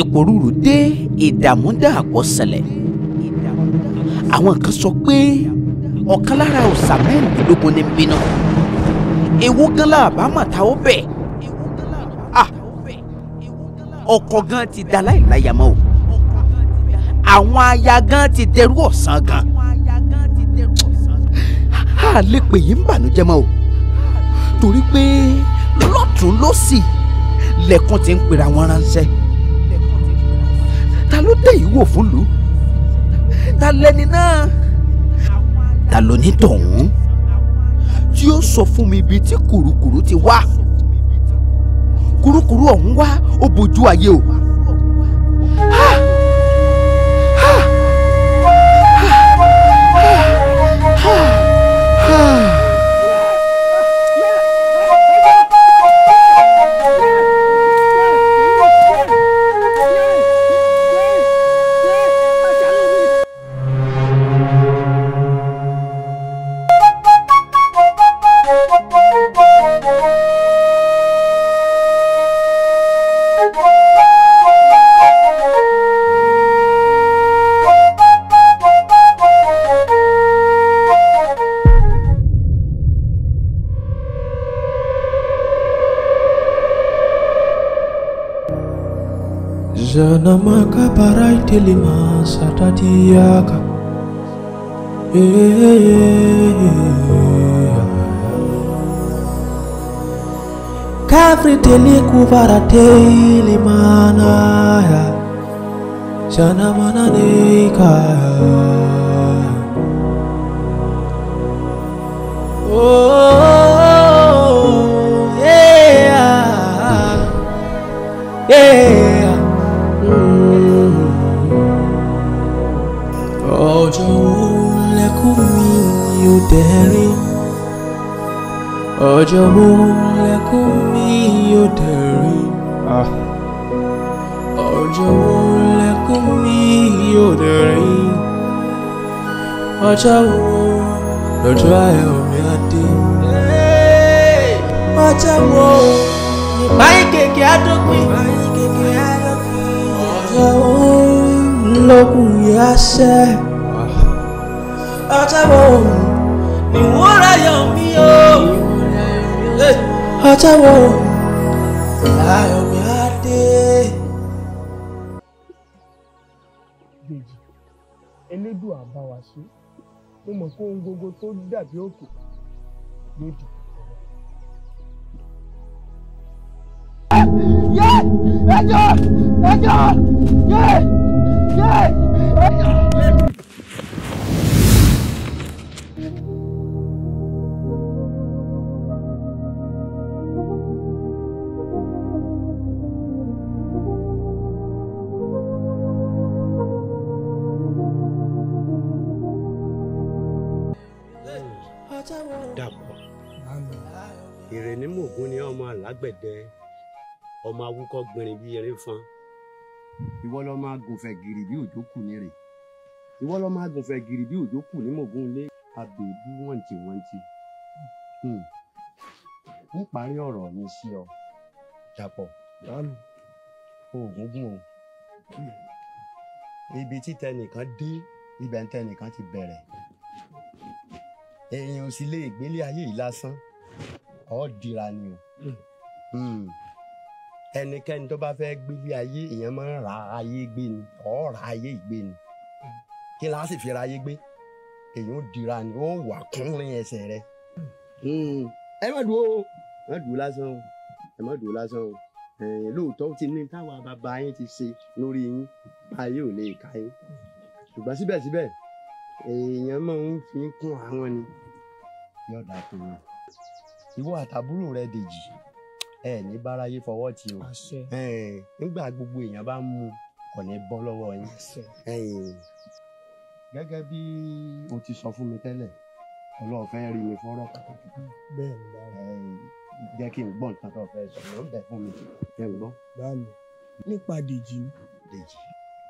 ipò rúru dé ìdààmú dààpọ̀ ṣẹlẹ̀ àwọn kan sọ pé ọ̀kan lára òòṣà mẹ́rìndínlógún ní bínú ewu gan láàbá màtá ó bẹ̀ ọkọ gan ti da láìláyà mọ́ o àwọn aya gan ti dẹrú ọ̀sán gan a lè pè yín bànújẹ́ mọ́ o torí pé lọ́tún lọ́sì lẹ́kùn ti ń pera wọn ránṣẹ́ ló dé yìí wò fún lu ta lẹni náà ta ló ní tọ̀hún tí ó sọ fún mi ibi tí kùrukùru ti wá kùrukùru ọ̀hún wá ó bojú ayé o. makaparai telema satatiaka ee, ee, ee, kavri telikuvarateilimana ya janamananaika ọjọ́ wo lẹ́kún mi yóò dẹ̀rín ọjọ́ ah. wo lẹ́kún mi yóò dẹ̀rín ọjọ́ wo lọ́jọ́ ayọ̀ mi á dé ọjọ́ wo báyìí kèké adópin ọjọ́ wo lọ́kùn yá sẹ́ ah. ọjọ́ wo ìwúrayọ̀ mi yóò ọjọ́ wo ayọ̀ mi á dé. dèjì elédùn àbá wa ṣe mo mọ̀ pé ohun gbogbo tó dàbí òkè lòdì. yé ẹjọ́ ẹjọ́ yé yé. wúkọ́ gbìnrín bí eré fún. ìwọ lọ máa gùnfẹ̀ gírì bí òjò kù nírè ìwọ lọ máa gùnfẹ̀ gírì bí òjò kù ní mògùn ilé abèbú wọ̀ntìwọ̀ntì. ń hmm. parí ọ̀rọ̀ mi sí ọ dàpọ̀ oògùn gùn o hmm. ibi tí tẹnìkan dé ibẹ̀ ń tẹnìkan ti bẹ̀rẹ̀ èèyàn ò sì lè gbélé ayé yìí lásán ọ́ dira ni o. Mm ẹnikẹ́ni tó bá fẹ́ gbélé ayé ìyẹn máa ń ra ayé gbé ni ọ̀ ra ayé ìgbé ni kí la sì fi ra ayé gbé èyí ó dira ni ó wà kúnrin ẹsẹ̀ rẹ. Hmm. ẹ má dùn ó ẹ má dùn lásán o ẹ má dùn lásán o lóòótọ́ ti ní táwa bàbá yín ti ṣe lórí yín ayé ò lè ka yín ṣùgbọ́n síbẹ̀síbẹ̀ èèyàn máa ń fi kún àwọn ni yọ̀dà tó wọn ìwọ àtàbúrò rẹ dèjì ẹ ní báráyé fọwọ́ tì o nígbà gbogbo èèyàn bá ń mu kò ní bọ́ lọ́wọ́ yín. gẹ́gẹ́ bí o ti sọ fún mi tẹ́lẹ̀ ọlọ́run fẹ́ rí mi fọ́rọ̀ kan jẹ́ kí n gbọ́ nǹkan tó fẹ́ sọ ló ń bẹ̀ fún mi ẹ ń gbọ́. báàmì nípa dèjì ni. dèjì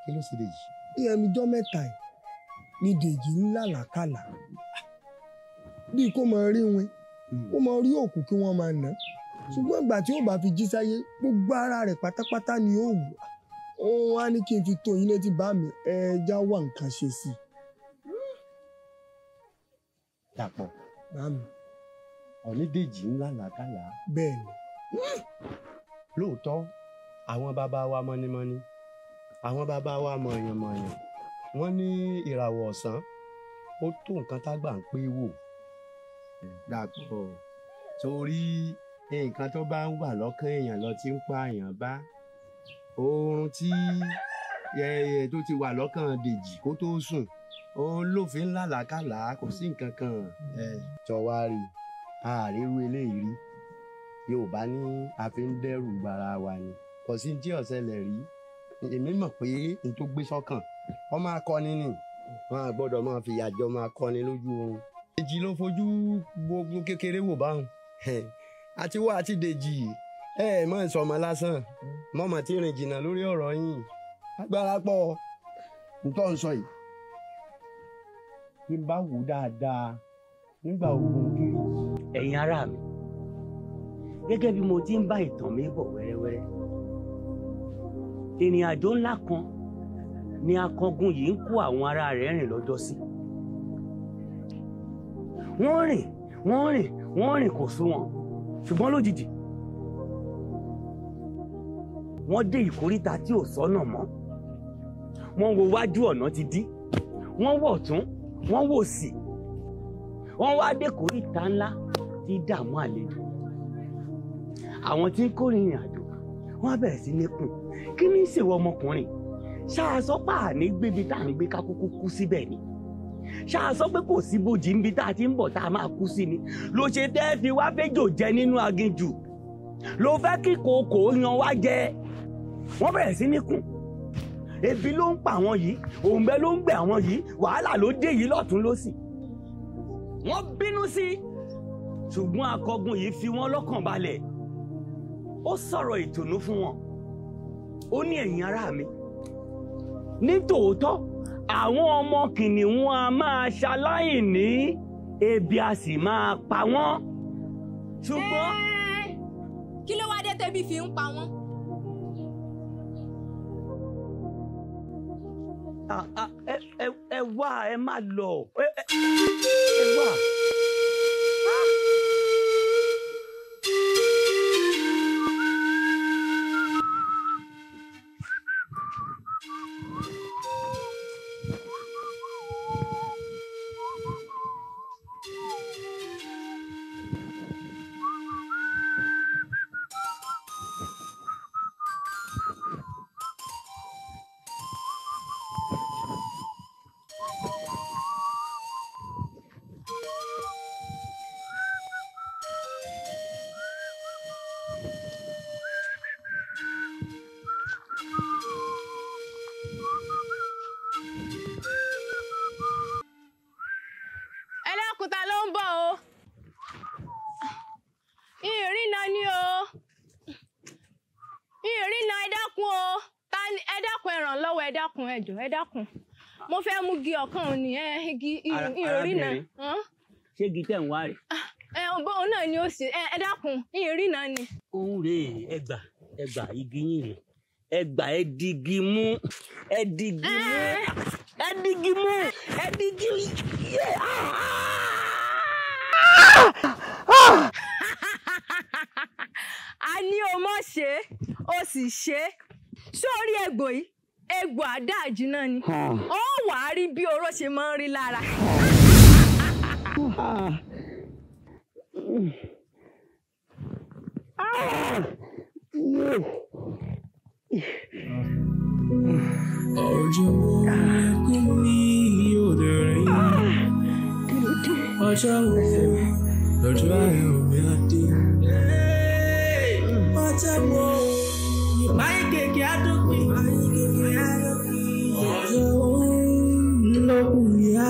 kí ló ṣe dèjì. bí ẹni jọ́ mẹ́ta yìí ni dèjì ń lálàkàlà bíi kó máa rí wọn hmm. kó máa rí òkú kí wọ́n máa nà á ṣùgbọ́n ìgbà tí ó bá fi jí sáyé gbogbo ara rẹ̀ pátápátá ni ó wù òun á ní kí n fi tó yín létí bá mi ẹja wà nǹkan ṣe sí i. dàpọ̀ báàmì ọ̀nídèjì ńlá làkàlà. bẹ́ẹ̀ ni. lóòótọ́ àwọn bàbá wa mọ́nímọ́ní àwọn bàbá wa mọ̀yànmọ̀yàn wọ́n ní ìràwọ̀ ọ̀sán ó tó nǹkan tágbà ń pé wò. dàpọ̀ torí nǹkan tó bá ń wà lọ́kàn èèyàn lọ ti ń pa èèyàn bá oorun tí tó ti wà lọ́kàn dèjì kó tó sùn òun ló fi ń làlákàlà kò sí nǹkan kan tọ́wárì àárírú eléyìí rí yorùbá ní a fi ń dẹ́rù bara wa ni kò sí tí ọ̀sẹ̀lẹ̀ rí èmi mọ̀ pé n tó gbé sọ́kàn wọ́n máa kọ́ni ni wọ́n á gbọ́dọ̀ máa fìyà jọ máa kọ́ni lójú oorun èjì ló fojú gbogbo kékeré wò báwọn àti wá àti dèjì ẹ ẹ mọ ìsọmọ lásán mọmọ tí rìn jìnnà lórí ọ̀rọ̀ yìí agbára pọ̀ nítọ́ ń sọ yìí kí n bá wò dáadáa nígbà ogun kiri. ẹ̀yin ará mi gẹ́gẹ́ bí mo ti ń bá ìtàn mi bọ̀ wẹ́rẹ́wẹ́rẹ́ ìrìn àjò ńlá kan ni akọgun yìí ń kó àwọn ará rẹ̀ rìn lọ́jọ́ sí. wọ́n rìn wọ́n rìn wọ́n rìn kò sú wọn ṣùgbọ́n lójijì wọ́n dé ìkóríta tí ò sọ́nà mọ́ wọ́n wo wájú ọ̀nà ti dí wọ́n wọ̀ tún wọ́n wò sí wọ́n wá dé ìkóríta ńlá tí dààmú àlejò àwọn tí ń kórìnrìn àjò wọ́n á bẹ̀rẹ̀ sí ní kùn kí ni ìṣèwọ ọmọkùnrin ṣáà sọ́pà ní gbébi tá à ń gbé ká kú síbẹ̀ ni ṣáà sọ pé kò sí bòjì níbi tá a ti ń bọ̀ tá a máa kú sí ni ló ṣe tẹ́ fi wá fẹ́jò jẹ nínú aginjù ló fẹ́ kí kòkó yan wá jẹ wọ́n bẹ̀rẹ̀ sí ní kùn ebi ló ń pa àwọn yìí òǹgbẹ ló ń gbẹ àwọn yìí wàhálà ló dé yìí lọ́tún lọ́sì wọ́n bínú sí i ṣùgbọ́n akọgun yìí fi wọ́n lọ́kàn balẹ̀ ó sọ̀rọ̀ ìtùnú fún wọn ó ní ẹ̀yin ará mi ní tòótọ́ àwọn ọmọ kìnìún a máa ṣaláìní ebi a sì máa pa wọ́n ṣùgbọ́n. kí ló wá dé tẹ́bi fi ń pa wọ́n. Ah, ah, ẹ wá ẹ má lọ ẹ wá. ẹjọ ẹ dákun mo fẹ́ mú gi ọkàn òní ẹ igi ìrìn náà. ṣé igi tẹ̀ ń wá rè. Ah, ẹ òun náà ni ó sì ẹ dákun ìrìn náà ni. òun rèé ẹgbà ẹgbà igi yìí rèé ẹgbà ẹ digi mú ẹ digi mú eh. ẹ digi mú ẹ digi yẹ. Ah, ah, a ní o mọ̀ ṣe o sì ṣe sórí ẹ̀gbọ́n yìí egbò àdáàjì náà ni ó wà á rí bí oró ṣe máa ń rí lára. ọjọ́ wo ẹkún mi yóò dẹ̀rẹ̀ yìí ọjọ́ wo lọ́jọ́ àìrùn mi á dé. ọjọ́ wo. Máyé kèké adópin. Máyé kèké adópin. Ọjọ́ òun lókùn yá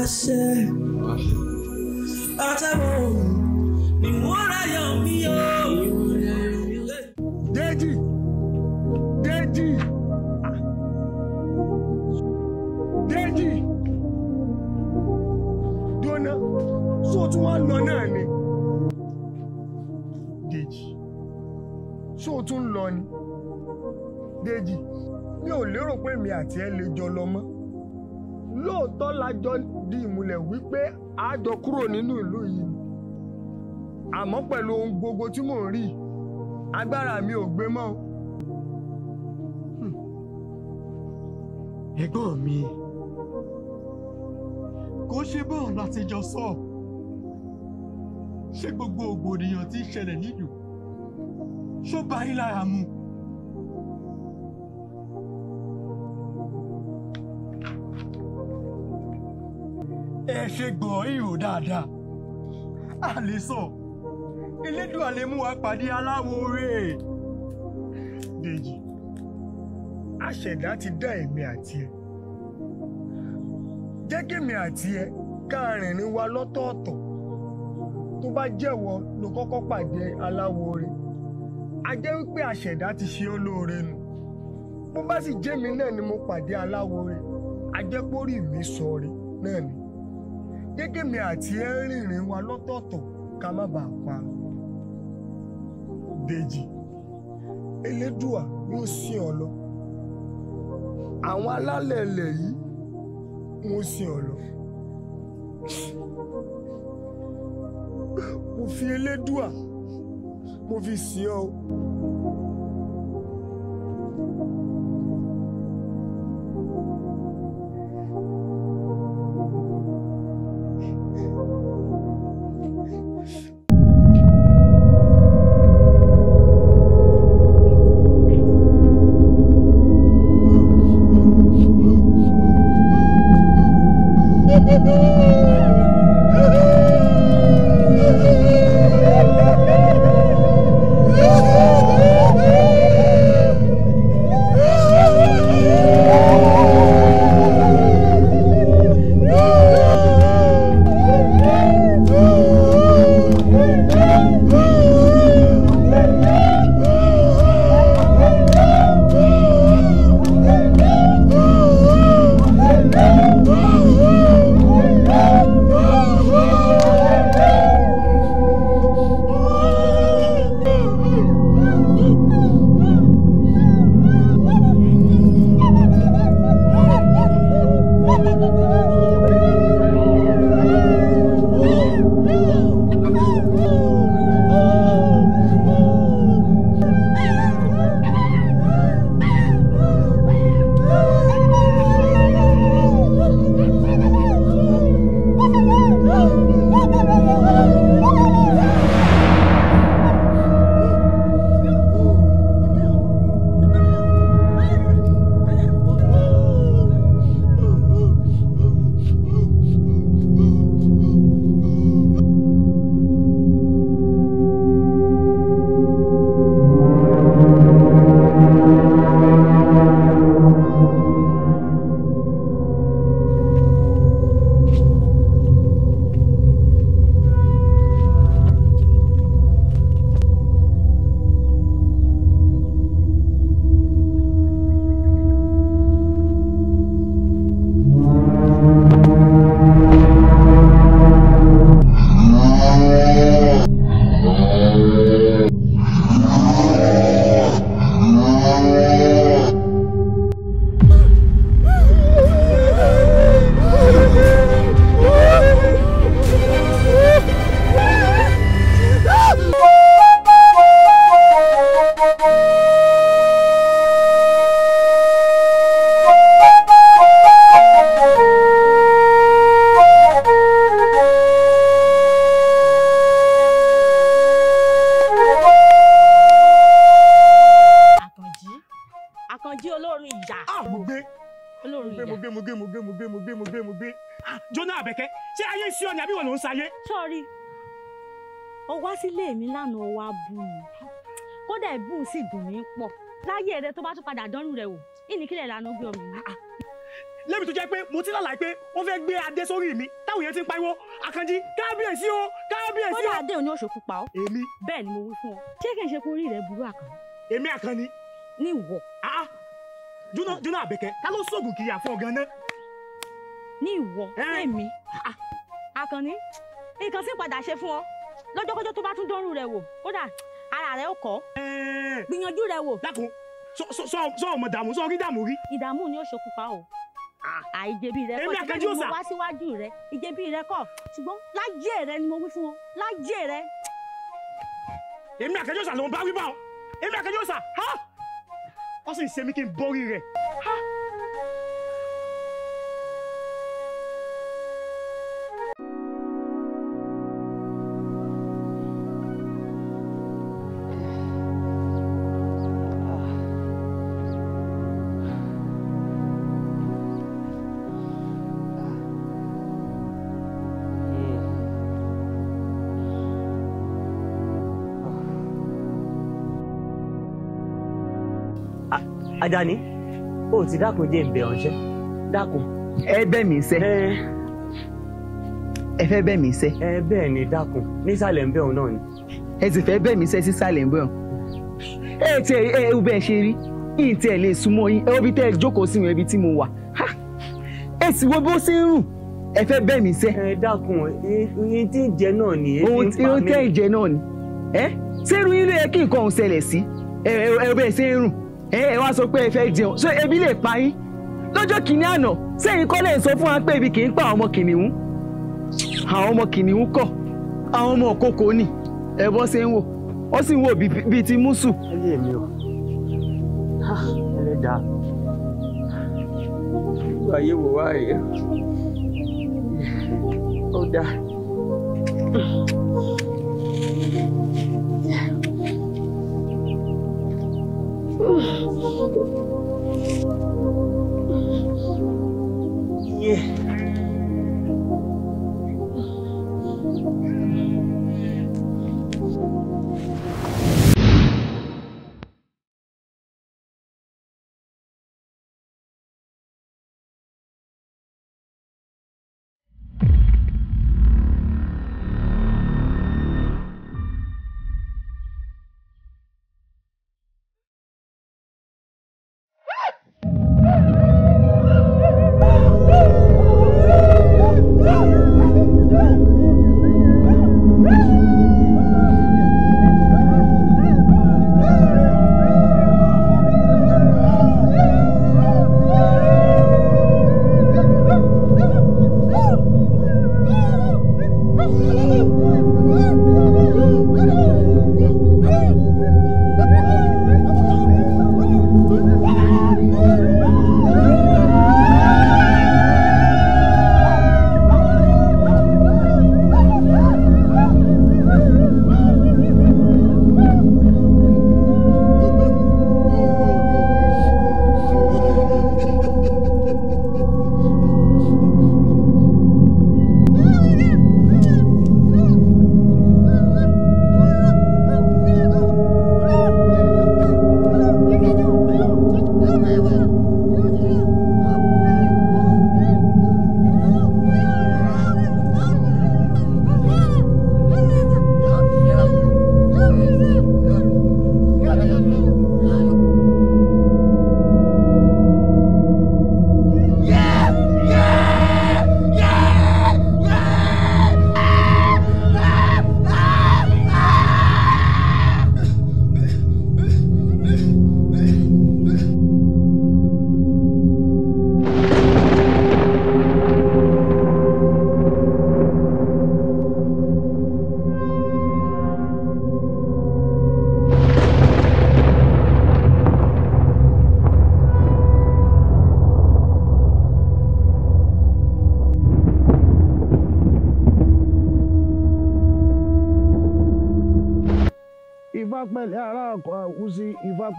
wípé a jọ kúrò nínú ìlú yìí àmọ́ pẹ̀lú ohun gbogbo tí mò ń rí agbára mi ò gbé mọ́. Hmm. ẹ̀gbọ́n mi kò ṣe bọ́ọ̀ láti jọ sọ ṣé gbogbo ògbòdìyàn tí ń ṣẹlẹ̀ nílùú ṣó bá yín lára mu. ṣe gbọ́ ìrò dáadáa àlésọ elédùn àlèmú wa pàdé aláwo rẹ̀ Dèjì àṣẹ̀dá ti dá èmi àti ẹ jẹ́ kémi àti ẹ ká rìnrìn wa lọ́tọ̀ọ̀tọ̀ tó bá jẹ́wọ́ ló kọ́kọ́ pàdé aláwo rẹ̀ a jẹ́ wípé àṣẹ̀dá ti ṣe ọ́ lóore nù bó bá sì jẹ́mi náà ni mo pàdé aláwo rẹ̀ a jẹ́ pórí mi sọ rẹ̀ náà ni kékèmí àti ẹ rìnrìn wa lọ́tọ̀ọ̀tọ̀ ká má bàa pa Dèjì Elédùà yóò sìn ọ lọ àwọn alálẹ̀ ilẹ̀ yìí wọ́n sìn ọ lọ mo fi Elédùà mo fi sìn ọ. sílé mi lánàá wá bú mi kódà ìbùn sì dùn mí pọ̀ láyé rẹ tó bá tún padà dánrù rẹ wò ìníkílẹ̀ lànà gbé ọmọ mi. lẹ́mi tó jẹ́ pé mo ti lálàá pé wọ́n fẹ́ gbé adé sórí mi táwọn èèyàn ti ń pariwo àkànjí kábíyèsí o kábíyèsí o. kódà adé ò ní òṣòkú pa ọ́. èmi. bẹ́ẹ̀ ni mo wí fún ọ ṣé kì í ṣe kó rí rẹ burú àkànní. èmi àkànní. ní ìwọ. Ah, ah. júná júná àbẹ̀kẹ́ ká ló sóògùn kiri àfọ gan ná. ní ìwọ èmi ah, àkànní nǹkan tí ń lọ́jọ́kọ́jọ́ tó bá tún dánrù rẹ̀ wò kódà ara rẹ̀ ó kọ́ eh. gbìyànjú rẹ̀ wò. dákun sọ ọmọ dààmú sọ orí dààmú rí. ìdààmú ni ó ṣokùnfà o ah. àìjẹbi rẹ kọ ṣùgbọ́n ni mo wá síwájú rẹ ìjẹbi rẹ kọ ṣùgbọ́n láyé rẹ ni mo wí fún ọ láyé rẹ. èmi àkẹjọ́sà ló ń bá wí bá ọ èmi àkẹjọ́sà ọ sì ń ṣe mí kí n borí rẹ. Àjàní o ti dákun jẹ́ ìbẹ̀ ọ̀ṣẹ́ dákun. ẹ bẹ̀ mí sẹ́ ẹ fẹ́ bẹ̀ mí sẹ́. ẹ bẹ́ẹ̀ ni dákun nísàlẹ̀ ń bẹ̀ òun náà ni. ẹ sì fẹ́ bẹ̀ mí sẹ́ sísàlẹ̀ ń bẹ̀ òun. ẹ ti ẹ ẹ wú bẹ́ẹ̀ ṣe rí yìí tẹ̀ lè súnmọ́ yín ẹ wọ́bí tẹ́ ẹ jókòó sí ibi tí mo wà ẹ sì wo bó ṣe ń rùn ẹ fẹ́ bẹ̀ mí sẹ́. ẹ dákun iye tí ń jẹ náà ni. ohun tí ó tẹ́ ìjẹ náà ni. ṣé irú yín ló yẹ kí nǹkan òun ṣẹlẹ̀ sí ẹ ẹ bẹ́ẹ̀ ṣe ń rùn. ẹ wá sọ pé ẹ fẹ́ jẹun ebi lè pa yín lọ́jọ́ kìíní àná sẹ́yìn kọ́ lè sọ fún wa pé ibi kì í pa àwọn ọmọ kìnìún àwọn ọmọ kìnìún kọ àwọn ọmọ òkókó nì ẹ bọ́ ṣe ń wò sì ń wò ti mùsù. Ugh.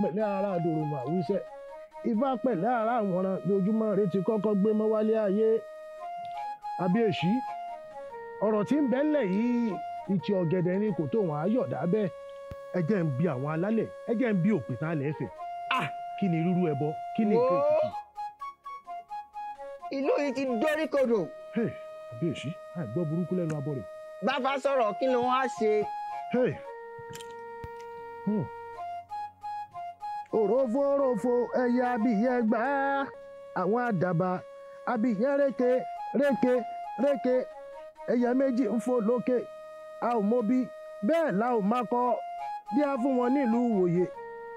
pẹ̀lẹ́ ara àdòròmọ̀ àwíṣẹ́ ifá pẹ̀lẹ́ ara àwọ̀nràn lójúmọ́ rẹ ti kọ́kọ́ gbé mọ́ wálé ayé abíyèsí ọ̀rọ̀ tí ń bẹ́lẹ̀ yìí ìtì ọ̀gẹ̀dẹ̀ ni kò tó wọn ayọ̀dá bẹ́ẹ̀ ẹ jẹ́ ń bi àwọn alálẹ̀ ẹ jẹ́ ń bi òpìtàn alẹ́ ẹ̀fẹ̀ ah kí ni rúrú ẹbọ kí ni nǹkan ètùtù. ìlú yìí ti dórí kodò. àbíyèsí àìgbọ́ burúkú lẹ́nu abọ́ rẹ̀. bá a fa sọ̀rọ̀ kí ni wọ́n á ṣe. Hey. Hmm. òrófórófó ẹyẹ abìyẹ gbà á àwọn àdàbà abìyẹ réke reke reke ẹyẹ méjì ń fò lókè a ò mọbi bẹẹ la ò máa kọ fun fún wọn nílùú wòye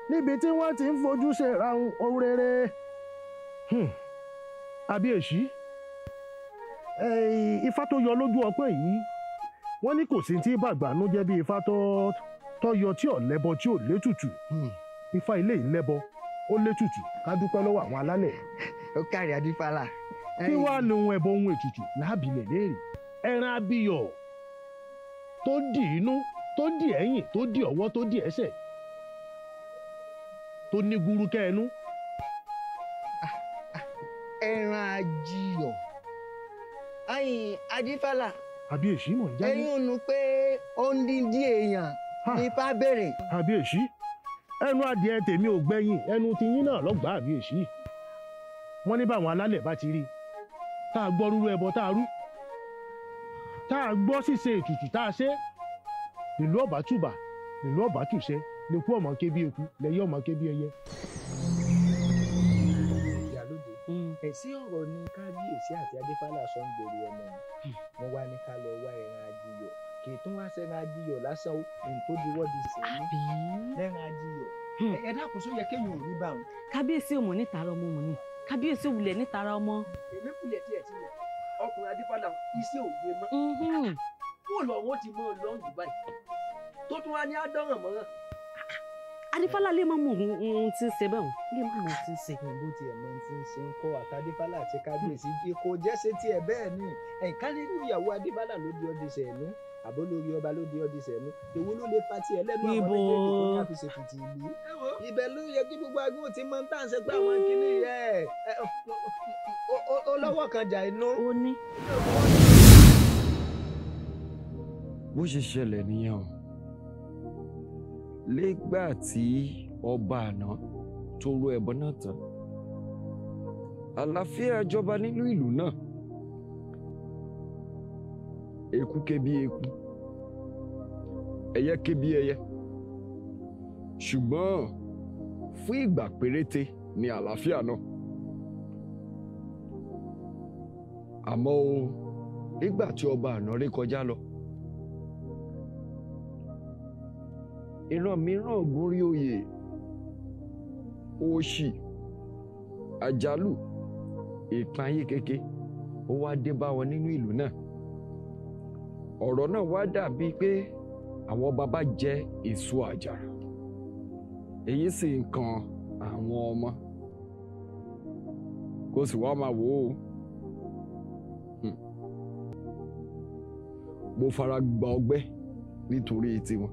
níbi tí ti ń fojú ṣe ìrahun ohun rere. àbí hmm. èṣí ifá tó yọ lójú ọpẹ yìí wọn ní kò sí ti bàgbà ló jẹ́ bí ifá tó yọ tí ò lẹ́bọ tí ò létùtù. Hmm. ifá ilé yìí lẹ́bọ ó létùtù ká dúpẹ́ lọ́wọ́ àwọn alálẹ̀. ó kárí adífàlà. kí wàá ní ohun ẹbọ ohun ètùtù láàbìlẹ̀ léèrè ẹran abiyọ̀ tó dì inú tó dì ẹ̀yìn tó dì ọwọ́ tó dì ẹsẹ̀ tó ní gúrúkẹ́ ẹnu. Ah, ah, ẹran ajiyọ̀ ayin adífàlà. àbí èsì mọ̀ ń jáde. ẹyin ò pé ó ń dín dín èèyàn nípa béèrè. àbí èsì ẹnu adìẹ tèmi ò gbẹ̀yìn ẹnu tiyín náà lọ́gbàá àbí èṣí wọ́n ní báwọn alálẹ̀ bá ti rí tá a gbọ́ rúrú ẹbọ tá a rú tá a gbọ́ ṣíṣe ètùtù tá a ṣe ìlú ọ̀bà tùbà ìlú ọ̀bà tùṣẹ́ lèkú ọ̀mọ̀ kébí eku lẹ́yẹ ọ̀mọ̀ kébí ẹyẹ. Mm. ẹ̀sí ọ̀rọ̀ ni kábíyèsí àti adéfálà sọ ń gbèrú ọmọ wọn hmm. wá ní ká lọ wá ẹran ajíyọ̀ kì í tún wá sẹ́ran ajiyọ̀ lásán ohun tó diwọ́ di sẹ́ni lẹ́ran ajiyọ̀ hmm. ẹ dákun só yẹ kéèyàn ò bá wọn. kábíyèsí òmò níta ara ọmọ òmò ni kábíyèsí òwúlẹ̀ níta ara ọmọ. èmi kúlẹ̀ tiẹ̀ ti mọ̀ ọkùnrin adébọ́lá iṣẹ́ òye mọ́. kó mm-hmm. lọ wọn ti mọ lọ dubai tó tún wá ní adọ́ràn mọ́ràn. adífálà lè má mọ ohun tí ń ṣe bẹ́ẹ̀ lè má mọ ohun tí ń ṣe. bó tiẹ̀ mọ ohun tí ń ṣe ń kọ́ àtàdífálà àti kábíyèsí kò jẹ́ ṣe tiẹ̀ bẹ́ẹ̀ ni ẹ̀ka àbó ọba ló di ọdí sẹ̀mú èwo ló lè fa tiẹ̀ lẹ́nu àwọn méjèèjì tó ní àfi ṣètùtù ìlú. ibẹ̀ ló yẹ kí gbogbo agbóhùn ti mọ tá ṣe pé àwọn kìíní yẹ ẹ lọ́wọ́ kan jà inú. ó ní. bó ṣe ṣẹlẹ̀ nìyẹn o lẹ́gbà tí ọba àná tó ro ẹbọ náà tán àlàáfíà jọba nínú ìlú náà eku kẹbi eku ẹyẹ kẹbi ẹyẹ ṣùgbọ́n fún ìgbà péréte ni àlàáfíà náà àmọ́ o nígbà tí ọba àná rí kọjá lọ ìran mìíràn ògùn rí oyè òṣì àjálù ìpanyín kéke ó wá dé bá wọn nínú ìlú náà ọ̀rọ̀ náà wá dàbí pé àwọn baba jẹ èso àjàrà èyí sì ń kan àwọn ọmọ kó sì wá máa wò ó hmm. mo fara gba ọgbẹ́ nítorí tiwọn.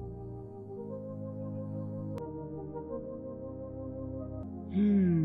Hmm.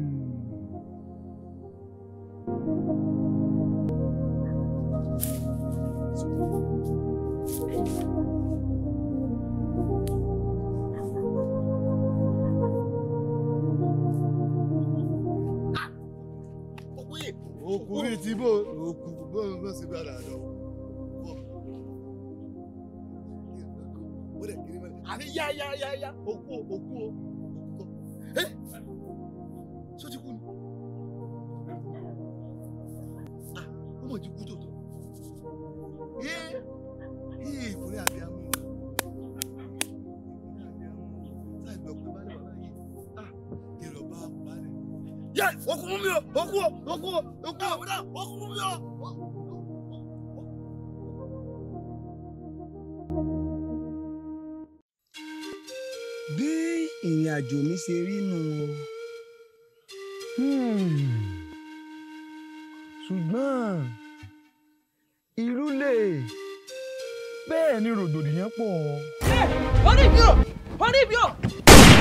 bí ìrìn àjò mi ṣe rí nù o hmm. ṣùgbọ́n irú lè bẹ́ẹ̀ ni rògbòdìyàn pọ̀. wọ́n ní ibi o wọ́n ní ibi o. ẹsẹ̀ mi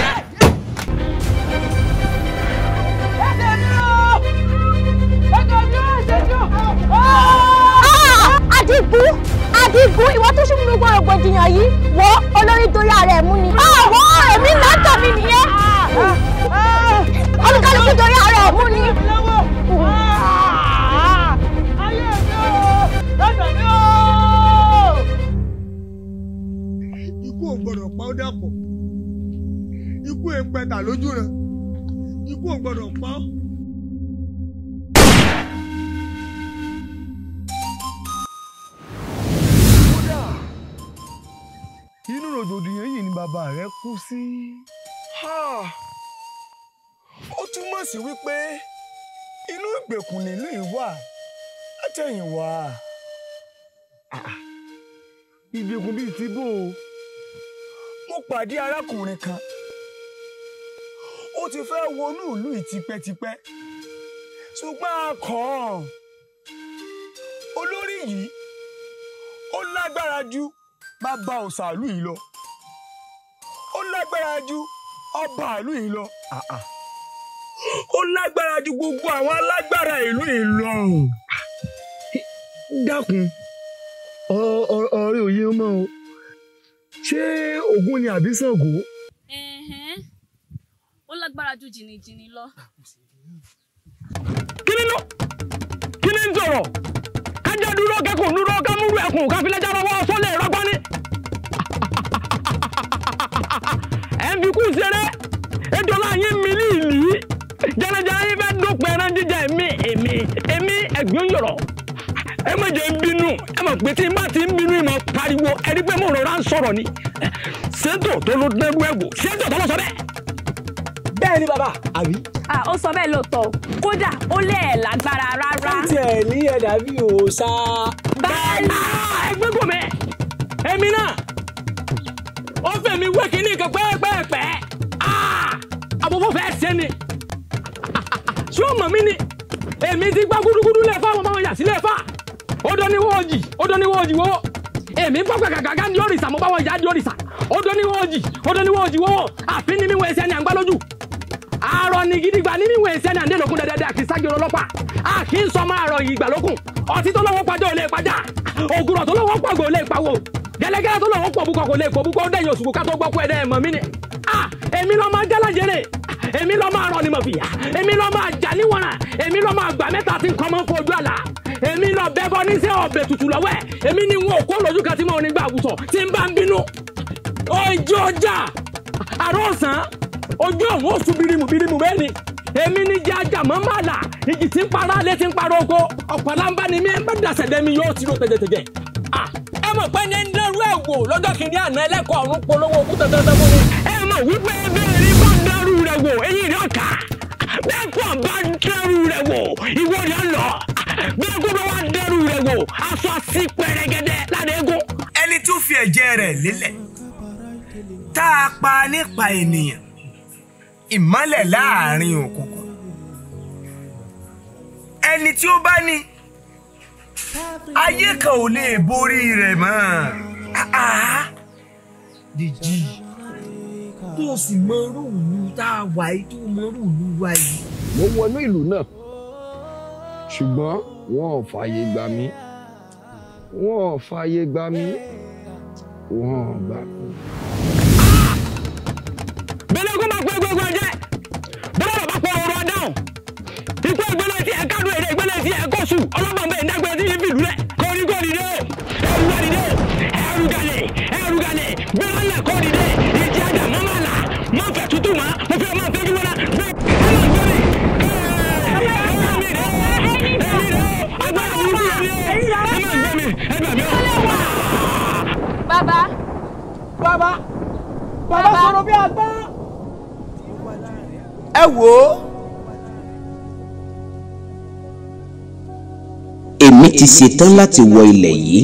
o ẹsẹ̀ mi o ẹsẹ̀ mi o. Adigun Adigun ìwọ tó ṣubú gbogbo rògbòdìyàn yìí wọ olórí torí ara ẹ̀ mú ni. Ah, èmi mẹ́tọ̀ mi nìyẹn olùkálùkù torí ara ẹ̀ mú ni. ikú ò gbọdọ̀ pa ó dàpọ̀ ikú èpẹta lójú rẹ̀ ikú ò gbọdọ̀ pa ó. òjòdì yẹn yìí ni bàbá rẹ kú sí. ó túmọ̀ sí wípé inú ìgbèkùn nílùú yìí wà látẹ̀yìnwá. Ah, ah. ìgbèkùn bíi ti bò ó mo pàdé arákùnrin kan ó ti fẹ́ wọnú ìlú yìí tipẹ́tipẹ́ ṣùgbọ́n a olórí yìí ó lágbára ju bàbá òsàlù yìí lọ lágbára ju ọba ìlú yìí lọ ó lágbára ju gbogbo àwọn alágbára ìlú yìí lọ dákun ọ̀rẹ́ òye mọ́ o ṣé Ògún ni àbí Ṣàngó. ó lágbára ju jìnnìjìnnì lọ. kí ni lọ kí ni ń sọ̀rọ̀ kájá dúró kẹ́kọ̀ọ́ dúró kámúrú ẹkùn káfíńlájà lọ́wọ́ sọ́lẹ̀ rọ́gbọ́n ní. ẹ fi kú ṣeré ìjọba yín mi ní ìlú jẹnẹjẹrẹ yín fẹ́ dópin ẹran jíjẹ mi èmi èmi ẹ̀gbọ́n yọ̀rọ̀ ẹ má jẹ́ ń bínú ẹ mọ̀ pé tí n bá ti ń bínú ìmọ̀ pariwo ẹ rí pé mo rọra ń sọ̀rọ̀ ni ṣètò tó ló dẹ́rú ẹ̀ wò ṣètò tó ló sọ bẹ́ẹ̀. bẹ́ẹ̀ ni bàbá àbí. à ó sọ bẹ́ẹ̀ lóòótọ́ kódà ó lé ẹ̀ lágbára rárá. ó tiẹ̀ ní ẹ̀dá bí òòṣà. báyìí ẹgbẹ́ gbòmẹ́ èmi náà ọ̀rẹ́ mi wé kíní nǹkan pẹ́ẹ́pẹ́ẹ́pẹ́ ah! àbúfọ́ fẹ́ sẹ́ni ṣé o mọ̀ mí ni èmi ti gbá gúdúgúdú lẹ́fà wọn báwọn yà sí lẹ́fà ó dán ní wọ́ọ̀jì ó dán ní wọ́ọ̀jì wọ́wọ́ èmi ń bọ́ gàgàgàgà ní òrìṣà mo báwọn yà di òrìṣà ó dán ní wọ́ọ̀jì ó dán ní wọ́ọ̀jì wọ́wọ́ àfin ni mi wọ ẹsẹ̀ ni à ń gbá lójú àárọ̀ ni gidigba ní mi wọ ẹsẹ̀ ni à ń dé lókun dẹ́dẹ́dẹ́ àti ságbèrè ọlọ́pàá àkínsọ́mọ́ àárọ̀ yìí ìgbà lókun ọtí tó lọ́wọ́ pàjọ́ ò gẹ́lẹ́gẹ́lẹ́ tó lọ́wọ́ pọ̀bùkọ̀ kò lè pọ̀bùkọ̀ ó dẹ̀yìn òṣùkú ká tó kú ẹ̀dẹ́ ẹ̀mọ́ mi ni ah, èmi lọ́ máa gẹ́lẹ́jẹ̀rẹ̀ èmi lọ́ máa rọ̀ ni fìyà èmi lọ́ máa jà níwọ̀nà èmi lọ́ máa gbà mẹ́ta tí nǹkan máa ń fojú àlà èmi lọ bẹ́bọ níṣẹ́ ọ̀bẹ tutù lọ́wọ́ ẹ̀ èmi ni wọn ò kó lójú kan tí mo ní gbà àgùsọ̀ tí ń bá ń bínú. ojú ọjà àrò ọ̀sán ojú òun ó sùn birimu birimu bẹ́ẹ̀ ni èmi ní jẹ́ ajá mọ́ máa là ìjì tí ń para alẹ́ tí ń para oko ọ̀pọ̀lá ń ni mí ẹ wò lọ́jọ́ kìíní àná ẹlẹ́kọ̀ọ́ ọ̀run polówó kú tẹ́tẹ́tẹ́ fún ẹ mọ̀ wípé bẹ́ẹ̀ rí ń dẹ́rù rẹ̀ wò eyín rẹ̀ ọ̀tá bẹ́ẹ̀ bá ń dẹ́rù rẹ̀ wò ìwọ rẹ̀ lọ bẹ́ẹ̀ bá wà ń rẹ̀ wò aṣọ sí pẹ̀rẹ̀gẹ̀dẹ̀ ládẹ́gùn. ẹni tó fi ẹ̀jẹ̀ rẹ̀ lélẹ̀ tá a pa nípa ènìyàn ìmọ́lẹ̀ láàrin òkùnkùn ẹni tí ó bá ní ayé kan ò lè borí rẹ̀ mọ́. Ah, Dèjì tó o sì mọ irú ìlú tá a wà yìí tó o mọ irú ìlú wa yìí. mo wọnú ìlú náà ṣùgbọ́n wọn ò fààyè gbà mí wọn ò fààyè gbà mí wọn ò gbà mí. bẹ́lẹ̀ kó máa pẹ́ gbogbo ọjẹ́ bọ́lá bàbá pọ̀ ọ̀rọ̀ dáhùn ikú ẹgbẹ́lẹ́ tí ẹ kádùn èrè ẹgbẹ́lẹ́ tí ẹ kó sùn ọlọ́gbọ̀n bẹ́ẹ̀ ń dágbẹ́ tí yẹn fìlú rẹ̀ kọ́ni kọ́ni dé. Baba, baba, baba, sọ̀rọ̀ bí àgbá. ẹ wò ó. èmi ti ṣetán láti wọ ilẹ̀ yìí.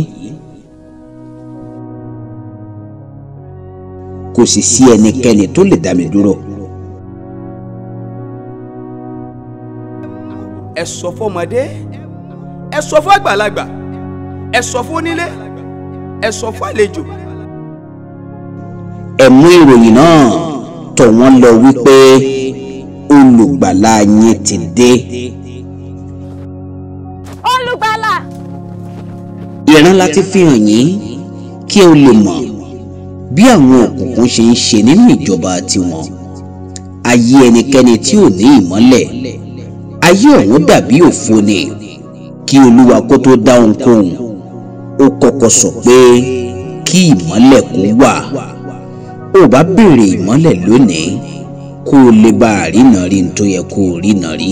kò sì sí ẹnikẹ́ni tó lè dá mi dúró. ẹ sọ fọmọdé ẹ sọ fún àgbàlagbà ẹ sọ fún onílé ẹ sọ fún àlejò. ẹ mú ìròyìn náà tọ̀ wọ́n lọ wípé olùgbàlà yín ti dé. olùgbàlà. ìran láti fi hàn yín kí o lè mọ̀ bí àwọn òkùnkùn ṣe ń ṣe nínú ìjọba tiwọn ayé ẹnikẹ́ni tí ò ní ìmọ́lẹ̀ ayé ọ̀hún dàbí òfo ni kí olúwa kó tó dá ohunkóhun ó kọ́kọ́ sọ pé kí ìmọ́lẹ̀ kó wà ó bá béèrè ìmọ́lẹ̀ lónìí kó o lè bá àrínà rí n tó yẹ kó o rínà rí.